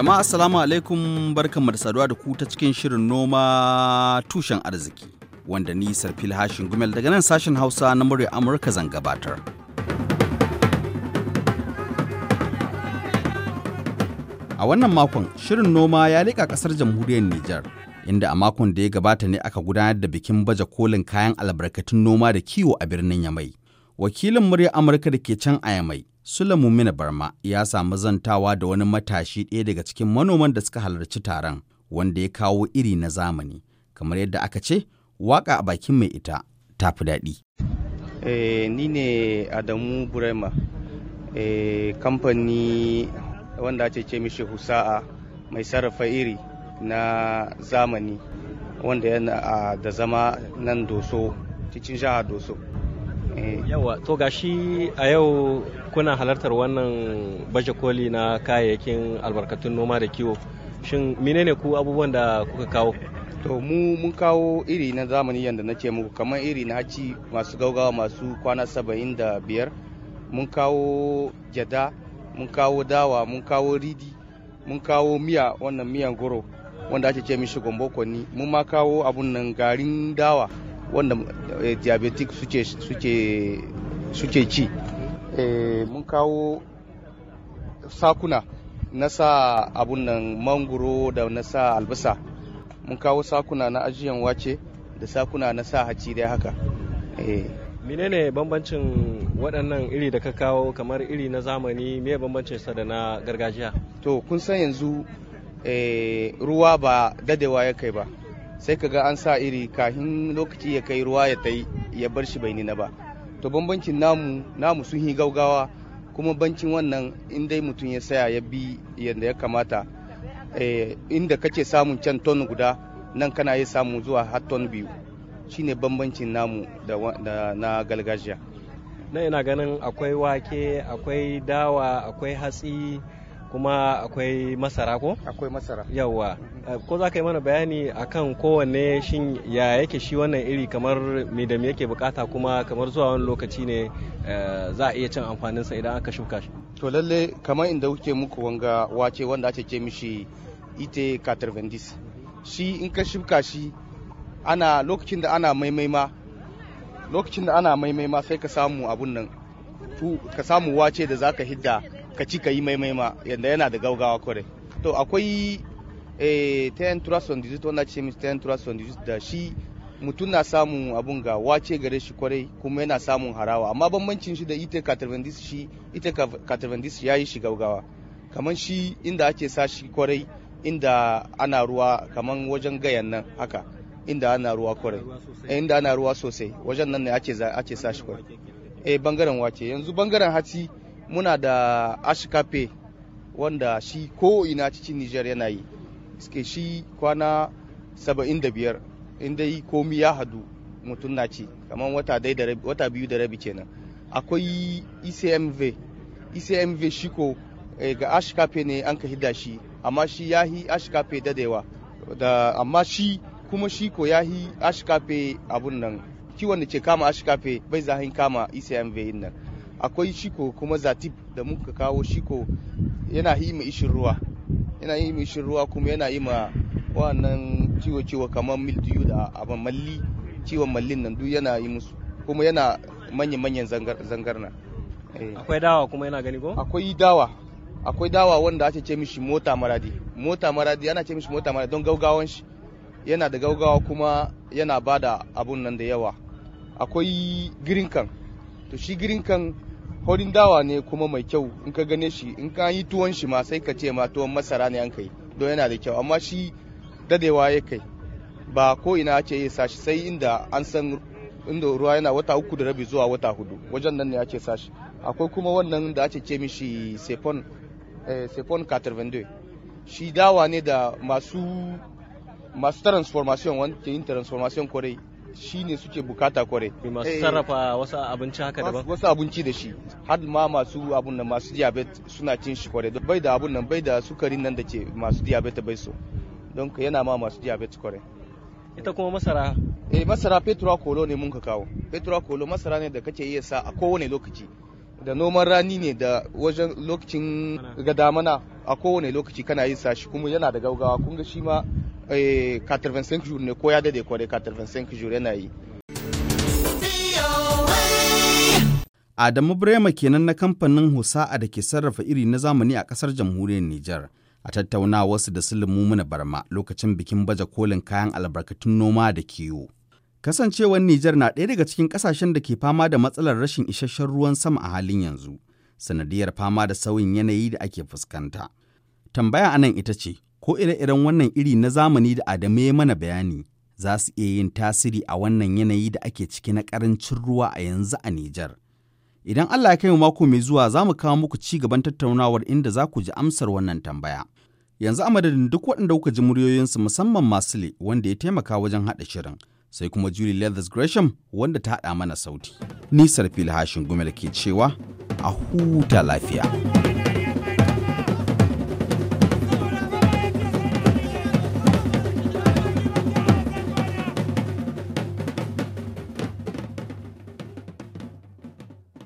Jama'a assalamu alaikum barkan da saduwa da ku ta cikin shirin noma tushen arziki wanda ni Sarfil Hashin Gumel daga nan sashen Hausa na murya Amurka zan gabatar. A wannan makon shirin noma ya leƙa ƙasar jamhuriyar Nijar inda a makon da ya gabata ne aka gudanar da bikin baje kolin kayan albarkatun noma da kiwo a birnin Yamai. Wakilin murya Amurka da ke can a Yamai sule Mina Barma ya samu zantawa da wani matashi ɗaya daga cikin manoman da suka halarci taron wanda ya kawo iri na zamani. Kamar yadda aka ce, waka a bakin mai ita ta fi daɗi. Eh, ni ne Adamu Burema, eh, kamfani wanda ake ce mishi Husa'a mai sarrafa iri na zamani wanda yana ah, da zama nan doso, cikin jihar doso. Eh. yawa to gashi a yau kuna halartar wannan baje koli na kayayyakin albarkatun noma da kiwo shin menene ku abubuwan da kuka kawo to mu mun kawo iri na zamani yadda na ce muku kamar iri na haci masu gaugawa masu kwana saba'in da biyar mun kawo jada mun kawo dawa mun kawo ridi mun kawo miya wannan miyan goro wanda ake ce mishi gombokoni mun ma kawo abun nan garin dawa wanda eh, diabetic suke ci eh, mun kawo sakuna na sa abun nan mangoro da na sa albasa mun kawo sakuna na ajiyan wace da sakuna na sa haci dai haka eh. menene bambancin waɗannan iri da ka kawo kamar iri na zamani me bambancin sa da na gargajiya to kun san yanzu ruwa ba dadewa ya kai ba sai ka ga an sa iri kahin lokaci ya kai ruwa ya tai ya bar shi bai nina ba to bambancin namu namu sun yi gaugawa kuma bancin wannan in dai mutum ya saya ya bi yadda ya kamata eh, inda kace samun can ton guda nan kana yi samu zuwa har ton biyu shine bambancin namu da na galgajiya. na ina ganin akwai wake akwai dawa akwai hatsi kuma akwai masara ko? Akwai masara. Yawwa. Eh, ko za ka yi mana bayani akan kowanne shin ya yake shi wannan iri kamar me da me yake bukata kuma kamar zuwa wani lokaci ne eh, za a iya cin amfaninsa idan aka shuka shi. To lalle kamar inda kuke muku wanga wace wanda ake ce mishi ite katarvendis. Shi in ka shuka shi ana lokacin da ana maimaima lokacin da ana maimaima sai ka samu abun nan ka samu wace da zaka hidda ka ci ka yi maimai ma yadda yana da gaugawa kwarai to akwai tayan turason disease wanda ce ten tayan turason disease da shi mutum na samun abun ga wace gare shi kwarai kuma yana samun harawa amma bambancin shi da ita katarvendis shi ita katarvendis ya yi shi gaugawa kamar shi inda ake sa shi kwarai inda ana ruwa kamar wajen gayan nan haka inda ana ruwa kwarai eh, inda ana ruwa sosai wajen nan ne ake sa shi kwarai eh bangaren wace yanzu bangaren hatsi muna da ashikape wanda shi ko ina cikin nijar yana yi suke shi kwana 75 inda yi komi ya hadu mutum na ci kamar wata biyu da rabi kenan akwai ecmv ecmv shi ko eh, ga ashikape ne an ka hida shi amma shi ya yi ashikape dadewa da amma shi kuma shi ko ya yi ashikape abun nan kiwon da ke kama ashikape bai zahin kama ecmv nan akwai shiko kuma zatib da muka kawo shiko yana yi ma ishin ruwa yana yi ma ishin ruwa kuma yana yi ma wannan ciwo-ciwo kamar mil mildiyu da abin malli ciwon mallin nan duk yana yi musu kuma yana manya-manyan zangar na eh. akwai dawa kuma yana gani ko akwai dawa akwai dawa wanda ake ce mishi mota maradi mota maradi ana ce mishi mota maradi don gaugawan shi yana da gaugawa kuma yana bada abun nan da yawa akwai girinkan to shi girinkan horin dawa ne kuma mai kyau in ka gane shi in ka yi tuwon shi ma sai ka ce ma tuwon masara ne an kai don yana da kyau amma shi dadewa ya kai ba ko ina ce ya sashi sai inda an san inda ruwa yana wata uku da rabi zuwa wata hudu wajen nan ne sa sashi akwai kuma wannan da ake ce mishi sepon sepon 82 shi dawa ne da masu masu transformation wanda yin transformation kwarai ne suke bukata kware masu eh, sarrafa wasu abinci haka daban wasu abinci da shi har ma masu abun nan masu diabet suna cin shi kware bai da abun nan bai da sukarin nan da ke masu diabet bai so don yana ma masu diabet kware ita kuma masara eh masara petrol kolo ne mun ka kawo petrol kolo masara ne da kake iya sa a kowane lokaci da noman rani ne da wajen lokacin gadamana a kowane lokaci kana yin shi kuma yana da gaugawa kun ga shi ma 85 eh, jours ne ko ya dade 85 jours yana yi Adamu Brema kenan na kamfanin Husa'a da ke sarrafa iri na zamani a kasar jamhuriyar Nijar. A tattauna wasu da Sulimu Muna Barma lokacin bikin baje kolin kayan albarkatun noma da kiwo. Kasancewar Nijar na ɗaya daga cikin ƙasashen da ke fama da matsalar rashin isasshen ruwan sama a halin yanzu, sanadiyar fama da sauyin yanayi da ake fuskanta. Tambaya anan ita ce, ko ire-iren wannan iri na zamani da Adamu ya mana bayani za su iya yin tasiri a wannan yanayi da ake ciki na karancin ruwa a yanzu a Nijar. Idan Allah ya kai mako mai zuwa za mu kawo muku ci gaban tattaunawar inda za ku ji amsar wannan tambaya. Yanzu a madadin duk waɗanda kuka ji muryoyinsu musamman le wanda ya taimaka wajen haɗa shirin. Sai kuma Julie Leathers Gresham wanda ta haɗa mana sauti. Nisar Fil Hashin Gumel ke cewa a huta lafiya.